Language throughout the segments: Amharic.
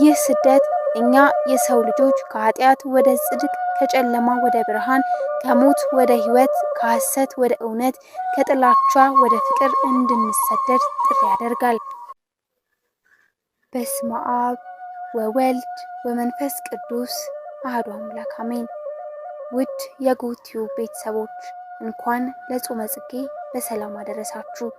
ይህ ስደት እኛ የሰው ልጆች ከኃጢአት ወደ ጽድቅ፣ ከጨለማ ወደ ብርሃን፣ ከሞት ወደ ሕይወት፣ ከሐሰት ወደ እውነት፣ ከጥላቻ ወደ ፍቅር እንድንሰደድ ጥሪ ያደርጋል። በስመ አብ ወወልድ ወመንፈስ ቅዱስ አህዶ አምላክ አሜን። ውድ የጎቲዩ ቤተሰቦች እንኳን ለጾመ ጽጌ በሰላም አደረሳችሁ።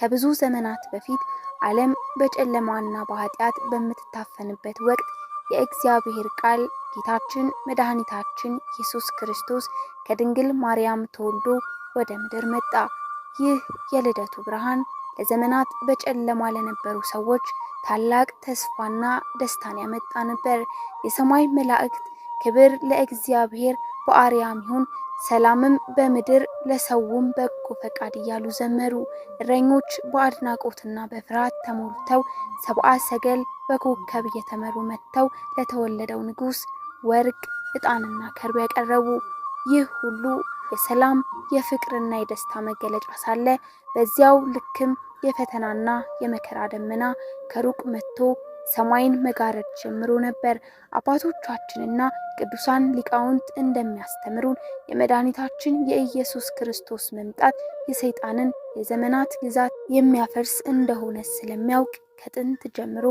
ከብዙ ዘመናት በፊት ዓለም በጨለማና በኃጢአት በምትታፈንበት ወቅት የእግዚአብሔር ቃል ጌታችን መድኃኒታችን ኢየሱስ ክርስቶስ ከድንግል ማርያም ተወልዶ ወደ ምድር መጣ። ይህ የልደቱ ብርሃን ለዘመናት በጨለማ ለነበሩ ሰዎች ታላቅ ተስፋና ደስታን ያመጣ ነበር። የሰማይ መላእክት ክብር ለእግዚአብሔር በአርያም ይሁን፣ ሰላምም በምድር ለሰውም በጎ ፈቃድ እያሉ ዘመሩ። እረኞች በአድናቆትና በፍርሃት ተሞልተው ሰብአ ሰገል በኮከብ እየተመሩ መጥተው ለተወለደው ንጉሥ ወርቅ፣ ዕጣንና ከርብ ያቀረቡ። ይህ ሁሉ የሰላም የፍቅርና የደስታ መገለጫ ሳለ በዚያው ልክም የፈተናና የመከራ ደመና ከሩቅ መጥቶ ሰማይን መጋረድ ጀምሮ ነበር። አባቶቻችንና ቅዱሳን ሊቃውንት እንደሚያስተምሩን የመድኃኒታችን የኢየሱስ ክርስቶስ መምጣት የሰይጣንን የዘመናት ግዛት የሚያፈርስ እንደሆነ ስለሚያውቅ ከጥንት ጀምሮ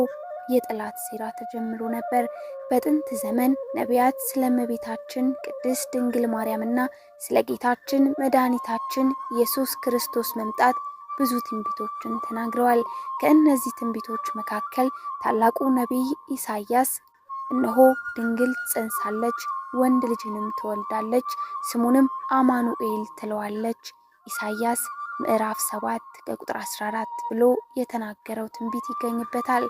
የጠላት ሴራ ተጀምሮ ነበር። በጥንት ዘመን ነቢያት ስለ እመቤታችን ቅድስት ድንግል ማርያምና ስለ ጌታችን መድኃኒታችን ኢየሱስ ክርስቶስ መምጣት ብዙ ትንቢቶችን ተናግረዋል። ከእነዚህ ትንቢቶች መካከል ታላቁ ነቢይ ኢሳያስ እነሆ ድንግል ጸንሳለች፣ ወንድ ልጅንም ትወልዳለች፣ ስሙንም አማኑኤል ትለዋለች ኢሳያስ ምዕራፍ 7 ከቁጥር 14 ብሎ የተናገረው ትንቢት ይገኝበታል።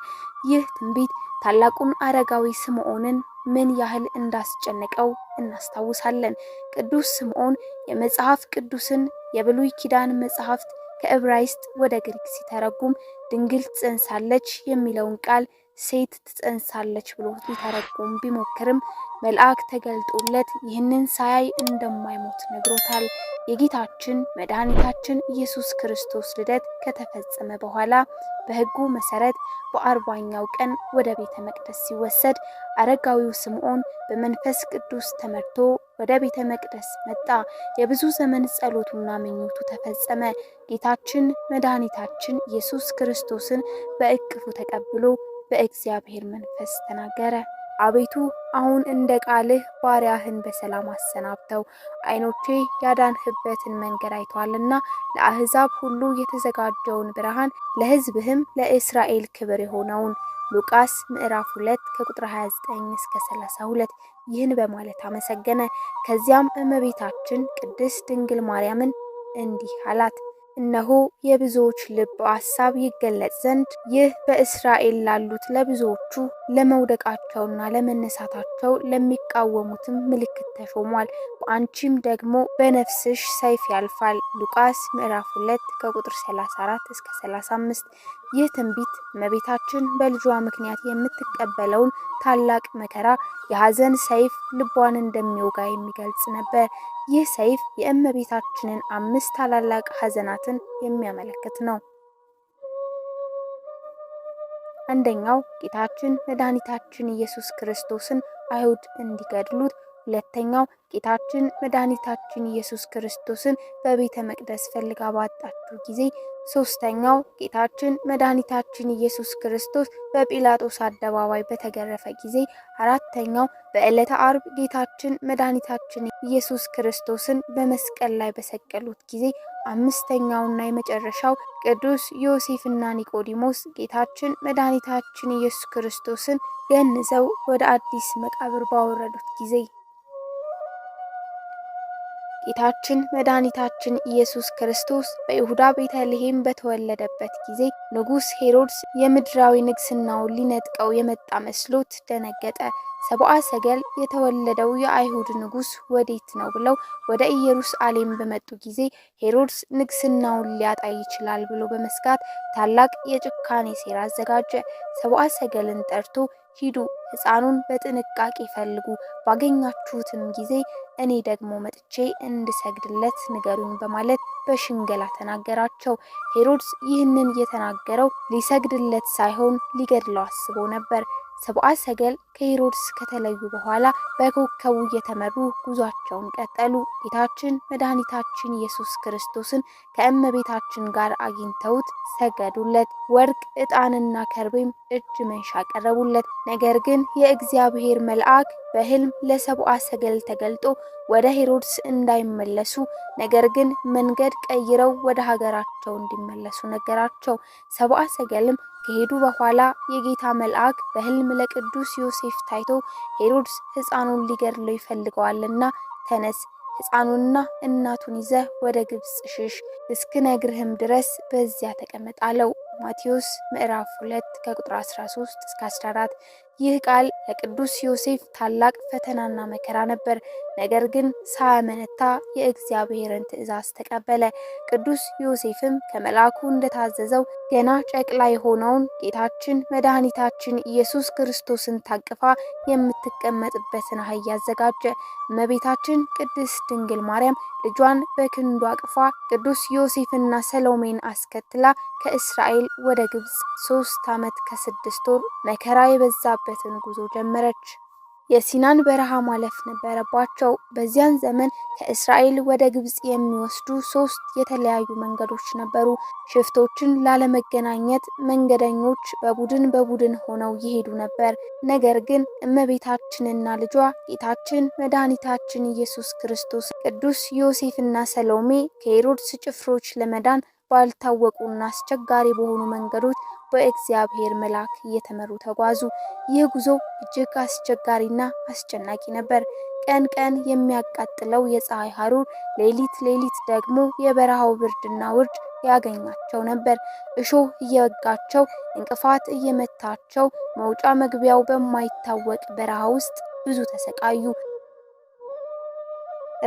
ይህ ትንቢት ታላቁን አረጋዊ ስምዖንን ምን ያህል እንዳስጨነቀው እናስታውሳለን። ቅዱስ ስምዖን የመጽሐፍ ቅዱስን የብሉይ ኪዳን መጽሐፍት ከዕብራይስጥ ወደ ግሪክ ሲተረጉም ድንግል ጸንሳለች የሚለውን ቃል ሴት ትጸንሳለች ብሎ ሊተረጉም ቢሞክርም መልአክ ተገልጦለት ይህንን ሳያይ እንደማይሞት ነግሮታል። የጌታችን መድኃኒታችን ኢየሱስ ክርስቶስ ልደት ከተፈጸመ በኋላ በሕጉ መሰረት በአርባኛው ቀን ወደ ቤተ መቅደስ ሲወሰድ አረጋዊው ስምዖን በመንፈስ ቅዱስ ተመርቶ ወደ ቤተ መቅደስ መጣ። የብዙ ዘመን ጸሎቱና ምኞቱ ተፈጸመ። ጌታችን መድኃኒታችን ኢየሱስ ክርስቶስን በእቅፉ ተቀብሎ በእግዚአብሔር መንፈስ ተናገረ። አቤቱ አሁን እንደ ቃልህ ባሪያህን በሰላም አሰናብተው፣ ዓይኖቼ ያዳንህበትን መንገድ አይቷልና ለአሕዛብ ሁሉ የተዘጋጀውን ብርሃን ለሕዝብህም ለእስራኤል ክብር የሆነውን። ሉቃስ ምዕራፍ 2 ከቁጥር 29 እስከ 32 ይህን በማለት አመሰገነ። ከዚያም እመቤታችን ቅድስት ድንግል ማርያምን እንዲህ አላት። እነሆ የብዙዎች ልብ ሐሳብ ይገለጽ ዘንድ ይህ በእስራኤል ላሉት ለብዙዎቹ ለመውደቃቸውና ለመነሳታቸው ለሚቃወሙትም ምልክት ተሾሟል። በአንቺም ደግሞ በነፍስሽ ሰይፍ ያልፋል። ሉቃስ ምዕራፍ 2 ከቁጥር 34 እስከ 35። ይህ ትንቢት እመቤታችን በልጇ ምክንያት የምትቀበለውን ታላቅ መከራ የሐዘን ሰይፍ ልቧን እንደሚወጋ የሚገልጽ ነበር። ይህ ሰይፍ የእመቤታችንን አምስት ታላላቅ ሐዘናትን የሚያመለክት ነው። አንደኛው ጌታችን መድኃኒታችን ኢየሱስ ክርስቶስን አይሁድ እንዲገድሉት ሁለተኛው ጌታችን መድኃኒታችን ኢየሱስ ክርስቶስን በቤተ መቅደስ ፈልጋ ባጣችሁ ጊዜ። ሶስተኛው ጌታችን መድኃኒታችን ኢየሱስ ክርስቶስ በጲላጦስ አደባባይ በተገረፈ ጊዜ። አራተኛው በዕለተ አርብ ጌታችን መድኃኒታችን ኢየሱስ ክርስቶስን በመስቀል ላይ በሰቀሉት ጊዜ። አምስተኛውና የመጨረሻው ቅዱስ ዮሴፍና ኒቆዲሞስ ጌታችን መድኃኒታችን ኢየሱስ ክርስቶስን ገንዘው ወደ አዲስ መቃብር ባወረዱት ጊዜ። ጌታችን መድኃኒታችን ኢየሱስ ክርስቶስ በይሁዳ ቤተልሔም በተወለደበት ጊዜ ንጉሥ ሄሮድስ የምድራዊ ንግሥናውን ሊነጥቀው የመጣ መስሎት ደነገጠ። ሰብአ ሰገል የተወለደው የአይሁድ ንጉስ ወዴት ነው ብለው ወደ ኢየሩሳሌም በመጡ ጊዜ ሄሮድስ ንግስናውን ሊያጣ ይችላል ብሎ በመስጋት ታላቅ የጭካኔ ሴራ አዘጋጀ። ሰብአ ሰገልን ጠርቶ ሂዱ፣ ህፃኑን በጥንቃቄ ፈልጉ፣ ባገኛችሁትም ጊዜ እኔ ደግሞ መጥቼ እንድሰግድለት ንገሩኝ በማለት በሽንገላ ተናገራቸው። ሄሮድስ ይህንን የተናገረው ሊሰግድለት ሳይሆን ሊገድለው አስቦ ነበር። ሰብአ ሰገል ከሄሮድስ ከተለዩ በኋላ በኮከቡ እየተመሩ ጉዟቸውን ቀጠሉ። ጌታችን መድኃኒታችን ኢየሱስ ክርስቶስን ከእመቤታችን ጋር አግኝተውት ሰገዱለት። ወርቅ ዕጣንና ከርቤም እጅ መንሻ ቀረቡለት። ነገር ግን የእግዚአብሔር መልአክ በሕልም ለሰብአ ሰገል ተገልጦ ወደ ሄሮድስ እንዳይመለሱ ነገር ግን መንገድ ቀይረው ወደ ሀገራቸው እንዲመለሱ ነገራቸው። ሰብአ ሰገልም ከሄዱ በኋላ የጌታ መልአክ በሕልም ለቅዱስ ዮሴፍ ታይቶ ሄሮድስ ሕፃኑን ሊገድለው ይፈልገዋልና ተነስ፣ ሕፃኑንና እናቱን ይዘህ ወደ ግብፅ ሽሽ፣ እስክነግርህም ድረስ በዚያ ተቀመጥ አለው። ማቴዎስ ምዕራፍ 2 ከቁጥር 13 እስከ 14። ይህ ቃል ለቅዱስ ዮሴፍ ታላቅ ፈተናና መከራ ነበር። ነገር ግን ሳያመነታ የእግዚአብሔርን ትእዛዝ ተቀበለ። ቅዱስ ዮሴፍም ከመልአኩ እንደታዘዘው ገና ጨቅላ የሆነውን ጌታችን መድኃኒታችን ኢየሱስ ክርስቶስን ታቅፋ የምትቀመጥበትን አህያ አዘጋጀ። እመቤታችን ቅድስት ድንግል ማርያም ልጇን በክንዱ አቅፋ ቅዱስ ዮሴፍና ሰሎሜን አስከትላ ከእስራኤል ወደ ግብፅ ሶስት ዓመት ከስድስት ወር መከራ የበዛ የሄዱበትን ጉዞ ጀመረች። የሲናን በረሃ ማለፍ ነበረባቸው። በዚያን ዘመን ከእስራኤል ወደ ግብፅ የሚወስዱ ሶስት የተለያዩ መንገዶች ነበሩ። ሽፍቶችን ላለመገናኘት መንገደኞች በቡድን በቡድን ሆነው ይሄዱ ነበር። ነገር ግን እመቤታችንና ልጇ ጌታችን መድኃኒታችን ኢየሱስ ክርስቶስ ቅዱስ ዮሴፍና ሰሎሜ ከሄሮድስ ጭፍሮች ለመዳን ባልታወቁና አስቸጋሪ በሆኑ መንገዶች በእግዚአብሔር መልአክ እየተመሩ ተጓዙ። ይህ ጉዞ እጅግ አስቸጋሪና አስጨናቂ ነበር። ቀን ቀን የሚያቃጥለው የፀሐይ ሐሩር፣ ሌሊት ሌሊት ደግሞ የበረሃው ብርድና ውርድ ያገኛቸው ነበር። እሾህ እየወጋቸው፣ እንቅፋት እየመታቸው፣ መውጫ መግቢያው በማይታወቅ በረሃ ውስጥ ብዙ ተሰቃዩ።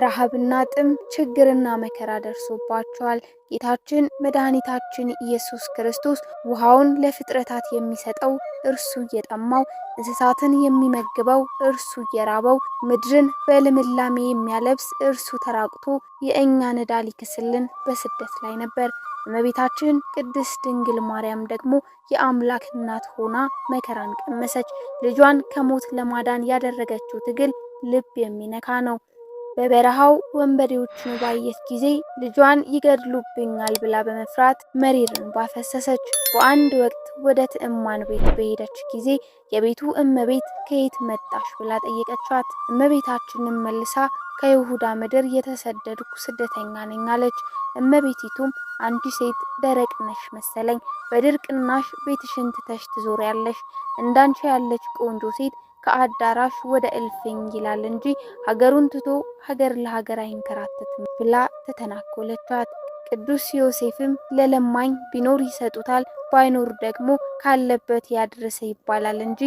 ረሃብና ጥም፣ ችግርና መከራ ደርሶባቸዋል። ጌታችን መድኃኒታችን ኢየሱስ ክርስቶስ ውሃውን ለፍጥረታት የሚሰጠው እርሱ እየጠማው፣ እንስሳትን የሚመግበው እርሱ እየራበው፣ ምድርን በልምላሜ የሚያለብስ እርሱ ተራቅቶ የእኛን ዕዳ ሊክስልን በስደት ላይ ነበር። እመቤታችን ቅድስት ድንግል ማርያም ደግሞ የአምላክ እናት ሆና መከራን ቀመሰች። ልጇን ከሞት ለማዳን ያደረገችው ትግል ልብ የሚነካ ነው። በበረሃው ወንበዴዎቹን ባየች ጊዜ ልጇን ይገድሉብኛል ብላ በመፍራት መሪር እንባ ፈሰሰች። በአንድ ወቅት ወደ ትዕማን ቤት በሄደች ጊዜ የቤቱ እመቤት ከየት መጣሽ ብላ ጠየቀቻት። እመቤታችንን መልሳ ከይሁዳ ምድር የተሰደድኩ ስደተኛ ነኝ አለች። እመቤቲቱም አንቺ ሴት ደረቅ ነሽ መሰለኝ፣ በድርቅናሽ ቤትሽን ትተሽ ትዞሪያለሽ። እንዳንቺ ያለች ቆንጆ ሴት ከአዳራሽ ወደ እልፍኝ ይላል እንጂ ሀገሩን ትቶ ሀገር ለሀገር አይንከራተትም ብላ ተተናኮለቻት። ቅዱስ ዮሴፍም ለለማኝ ቢኖር ይሰጡታል፣ ባይኖር ደግሞ ካለበት ያድረሰ ይባላል እንጂ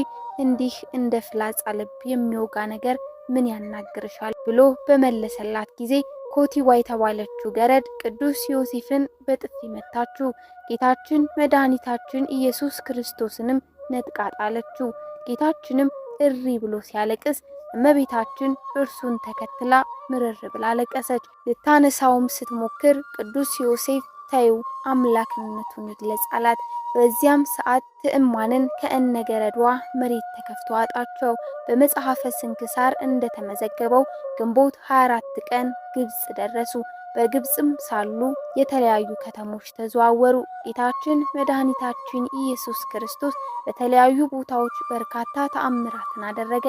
እንዲህ እንደ ፍላጻ ልብ የሚወጋ ነገር ምን ያናግርሻል ብሎ በመለሰላት ጊዜ ኮቲዋ የተባለችው ገረድ ቅዱስ ዮሴፍን በጥፊ መታችው። ጌታችን መድኃኒታችን ኢየሱስ ክርስቶስንም ነጥቃ ጣለችው። ጌታችንም እሪ ብሎ ሲያለቅስ እመቤታችን እርሱን ተከትላ ምርር ብላ አለቀሰች። ልታነሳውም ስትሞክር ቅዱስ ዮሴፍ ተይው አምላክነቱን ይግለጽ አላት። በዚያም ሰዓት ትዕማንን ከእነገረዷ መሬት ተከፍቶ አጣቸው። በመጽሐፈ ስንክሳር እንደተመዘገበው ግንቦት 24 ቀን ግብጽ ደረሱ። በግብፅም ሳሉ የተለያዩ ከተሞች ተዘዋወሩ። ጌታችን መድኃኒታችን ኢየሱስ ክርስቶስ በተለያዩ ቦታዎች በርካታ ተአምራትን አደረገ።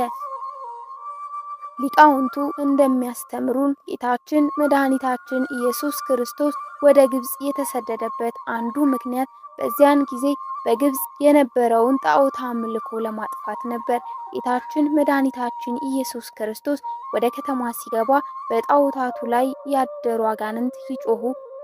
ሊቃውንቱ እንደሚያስተምሩን ጌታችን መድኃኒታችን ኢየሱስ ክርስቶስ ወደ ግብፅ የተሰደደበት አንዱ ምክንያት በዚያን ጊዜ በግብፅ የነበረውን ጣዖት አምልኮ ለማጥፋት ነበር። ጌታችን መድኃኒታችን ኢየሱስ ክርስቶስ ወደ ከተማ ሲገባ በጣዖታቱ ላይ ያደሩ አጋንንት ይጮሁ፣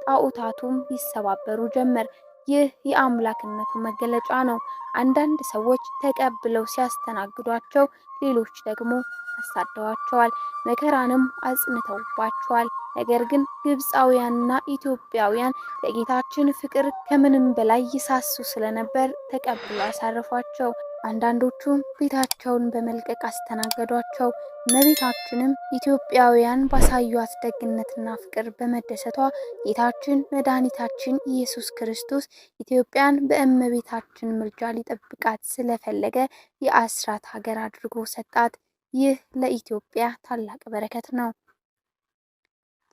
ጣዖታቱም ይሰባበሩ ጀመር። ይህ የአምላክነቱ መገለጫ ነው። አንዳንድ ሰዎች ተቀብለው ሲያስተናግዷቸው፣ ሌሎች ደግሞ አሳደዋቸዋል፣ መከራንም አጽንተውባቸዋል። ነገር ግን ግብፃውያንና ኢትዮጵያውያን ለጌታችን ፍቅር ከምንም በላይ ይሳሱ ስለነበር ተቀብሎ አሳረፏቸው። አንዳንዶቹ ቤታቸውን በመልቀቅ አስተናገዷቸው። እመቤታችንም ኢትዮጵያውያን ባሳዩት ደግነትና ፍቅር በመደሰቷ ጌታችን መድኃኒታችን ኢየሱስ ክርስቶስ ኢትዮጵያን በእመቤታችን ምልጃ ሊጠብቃት ስለፈለገ የአስራት ሀገር አድርጎ ሰጣት። ይህ ለኢትዮጵያ ታላቅ በረከት ነው።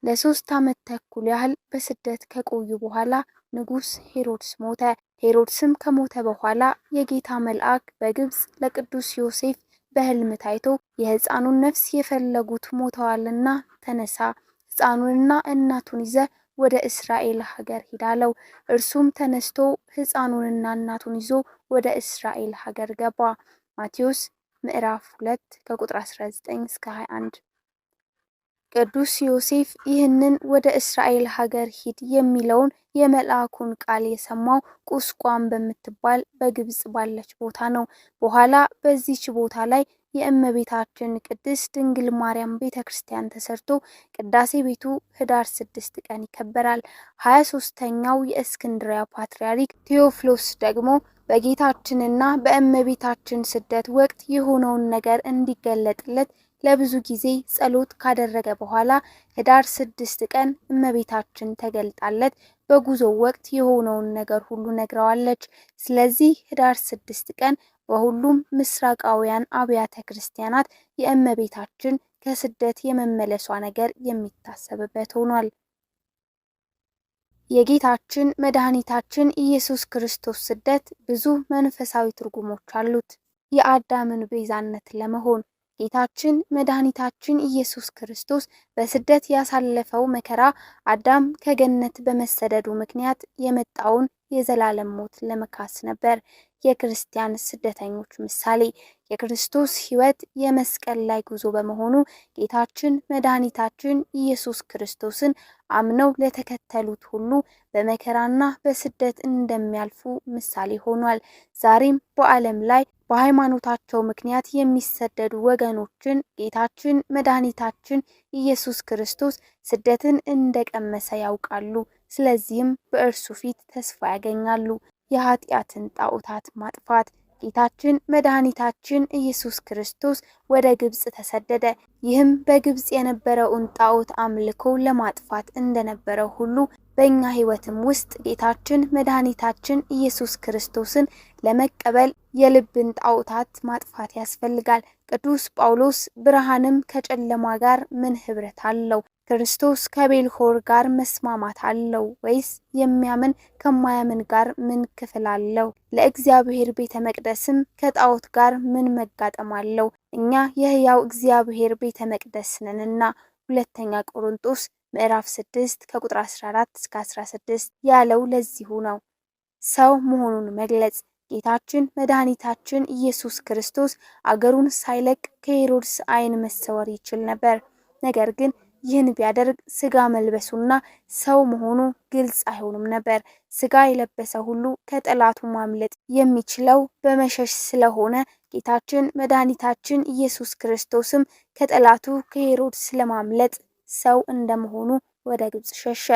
ለሶስት ዓመት ተኩል ያህል በስደት ከቆዩ በኋላ ንጉሥ ሄሮድስ ሞተ። ሄሮድስም ከሞተ በኋላ የጌታ መልአክ በግብፅ ለቅዱስ ዮሴፍ በሕልም ታይቶ የሕፃኑን ነፍስ የፈለጉት ሞተዋልና ተነሳ፣ ሕፃኑንና እናቱን ይዘ ወደ እስራኤል ሀገር ሂዳለው እርሱም ተነስቶ ሕፃኑንና እናቱን ይዞ ወደ እስራኤል ሀገር ገባ። ማቴዎስ ምዕራፍ 2 ከቁጥር 19 እስከ 21። ቅዱስ ዮሴፍ ይህንን ወደ እስራኤል ሀገር ሂድ የሚለውን የመልአኩን ቃል የሰማው ቁስቋም በምትባል በግብጽ ባለች ቦታ ነው። በኋላ በዚች ቦታ ላይ የእመቤታችን ቅድስት ድንግል ማርያም ቤተ ክርስቲያን ተሰርቶ ቅዳሴ ቤቱ ህዳር ስድስት ቀን ይከበራል። ሀያ ሶስተኛው የእስክንድሪያ ፓትርያርክ ቴዎፍሎስ ደግሞ በጌታችንና በእመቤታችን ስደት ወቅት የሆነውን ነገር እንዲገለጥለት ለብዙ ጊዜ ጸሎት ካደረገ በኋላ ህዳር ስድስት ቀን እመቤታችን ተገልጣለት በጉዞ ወቅት የሆነውን ነገር ሁሉ ነግረዋለች። ስለዚህ ህዳር ስድስት ቀን በሁሉም ምስራቃውያን አብያተ ክርስቲያናት የእመቤታችን ከስደት የመመለሷ ነገር የሚታሰብበት ሆኗል። የጌታችን መድኃኒታችን ኢየሱስ ክርስቶስ ስደት ብዙ መንፈሳዊ ትርጉሞች አሉት። የአዳምን ቤዛነት ለመሆን ጌታችን መድኃኒታችን ኢየሱስ ክርስቶስ በስደት ያሳለፈው መከራ አዳም ከገነት በመሰደዱ ምክንያት የመጣውን የዘላለም ሞት ለመካስ ነበር። የክርስቲያን ስደተኞች ምሳሌ የክርስቶስ ሕይወት የመስቀል ላይ ጉዞ በመሆኑ ጌታችን መድኃኒታችን ኢየሱስ ክርስቶስን አምነው ለተከተሉት ሁሉ በመከራና በስደት እንደሚያልፉ ምሳሌ ሆኗል። ዛሬም በዓለም ላይ በሃይማኖታቸው ምክንያት የሚሰደዱ ወገኖችን ጌታችን መድኃኒታችን ኢየሱስ ክርስቶስ ስደትን እንደቀመሰ ያውቃሉ። ስለዚህም በእርሱ ፊት ተስፋ ያገኛሉ። የኃጢአትን ጣዖታት ማጥፋት ጌታችን መድኃኒታችን ኢየሱስ ክርስቶስ ወደ ግብጽ ተሰደደ። ይህም በግብጽ የነበረውን ጣዖት አምልኮ ለማጥፋት እንደነበረ ሁሉ በእኛ ሕይወትም ውስጥ ጌታችን መድኃኒታችን ኢየሱስ ክርስቶስን ለመቀበል የልብን ጣዖታት ማጥፋት ያስፈልጋል። ቅዱስ ጳውሎስ ብርሃንም ከጨለማ ጋር ምን ኅብረት አለው? ክርስቶስ ከቤልሆር ጋር መስማማት አለው ወይስ የሚያምን ከማያምን ጋር ምን ክፍል አለው? ለእግዚአብሔር ቤተ መቅደስም ከጣዖት ጋር ምን መጋጠም አለው? እኛ የሕያው እግዚአብሔር ቤተ መቅደስ ነንና። ሁለተኛ ቆሮንጦስ ምዕራፍ 6 ከቁጥር 14 እስከ 16 ያለው ለዚሁ ነው። ሰው መሆኑን መግለጽ ጌታችን መድኃኒታችን ኢየሱስ ክርስቶስ አገሩን ሳይለቅ ከሄሮድስ ዓይን መሰወር ይችል ነበር። ነገር ግን ይህን ቢያደርግ ስጋ መልበሱና ሰው መሆኑ ግልጽ አይሆንም ነበር። ስጋ የለበሰ ሁሉ ከጠላቱ ማምለጥ የሚችለው በመሸሽ ስለሆነ ጌታችን መድኃኒታችን ኢየሱስ ክርስቶስም ከጠላቱ ከሄሮድስ ለማምለጥ ሰው እንደመሆኑ ወደ ግብፅ ሸሸ።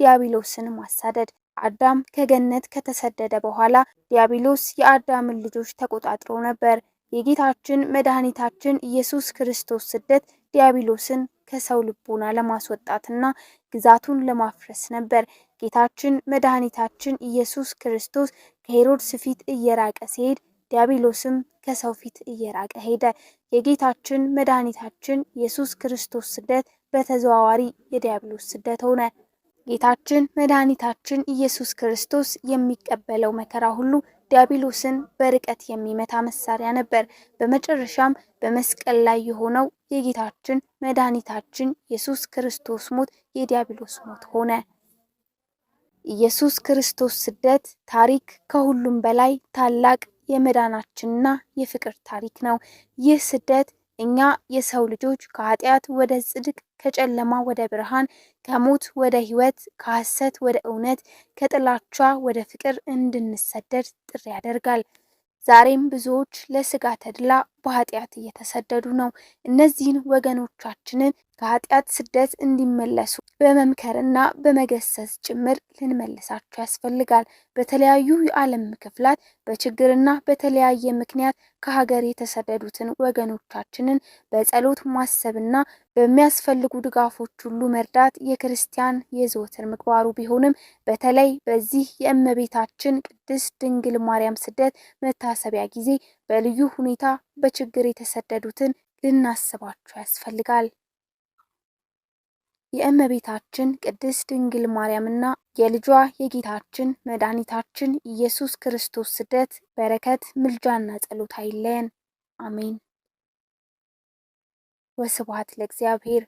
ዲያብሎስን ማሳደድ አዳም ከገነት ከተሰደደ በኋላ ዲያብሎስ የአዳምን ልጆች ተቆጣጥሮ ነበር። የጌታችን መድኃኒታችን ኢየሱስ ክርስቶስ ስደት ዲያብሎስን ከሰው ልቦና ለማስወጣትና ግዛቱን ለማፍረስ ነበር። ጌታችን መድኃኒታችን ኢየሱስ ክርስቶስ ከሄሮድስ ፊት እየራቀ ሲሄድ ዲያብሎስም ከሰው ፊት እየራቀ ሄደ። የጌታችን መድኃኒታችን ኢየሱስ ክርስቶስ ስደት በተዘዋዋሪ የዲያብሎስ ስደት ሆነ። ጌታችን መድኃኒታችን ኢየሱስ ክርስቶስ የሚቀበለው መከራ ሁሉ ዲያብሎስን በርቀት የሚመታ መሳሪያ ነበር። በመጨረሻም በመስቀል ላይ የሆነው የጌታችን መድኃኒታችን ኢየሱስ ክርስቶስ ሞት የዲያብሎስ ሞት ሆነ። ኢየሱስ ክርስቶስ ስደት ታሪክ ከሁሉም በላይ ታላቅ የመዳናችንና የፍቅር ታሪክ ነው። ይህ ስደት እኛ የሰው ልጆች ከኃጢአት ወደ ጽድቅ ከጨለማ ወደ ብርሃን፣ ከሞት ወደ ህይወት ከሐሰት ወደ እውነት፣ ከጥላቻ ወደ ፍቅር እንድንሰደድ ጥሪ ያደርጋል። ዛሬም ብዙዎች ለስጋ ተድላ በኃጢአት እየተሰደዱ ነው። እነዚህን ወገኖቻችንን ከኃጢአት ስደት እንዲመለሱ በመምከርና በመገሰጽ ጭምር ልንመልሳቸው ያስፈልጋል። በተለያዩ የዓለም ክፍላት በችግርና በተለያየ ምክንያት ከሀገር የተሰደዱትን ወገኖቻችንን በጸሎት ማሰብና በሚያስፈልጉ ድጋፎች ሁሉ መርዳት የክርስቲያን የዘወትር ምግባሩ ቢሆንም በተለይ በዚህ የእመቤታችን ቅድስት ድንግል ማርያም ስደት መታሰቢያ ጊዜ በልዩ ሁኔታ በችግር የተሰደዱትን ልናስባቸው ያስፈልጋል። የእመቤታችን ቅድስት ድንግል ማርያምና የልጇ የጌታችን መድኃኒታችን ኢየሱስ ክርስቶስ ስደት፣ በረከት፣ ምልጃና ጸሎት አይለየን። አሜን። ወስብሐት ለእግዚአብሔር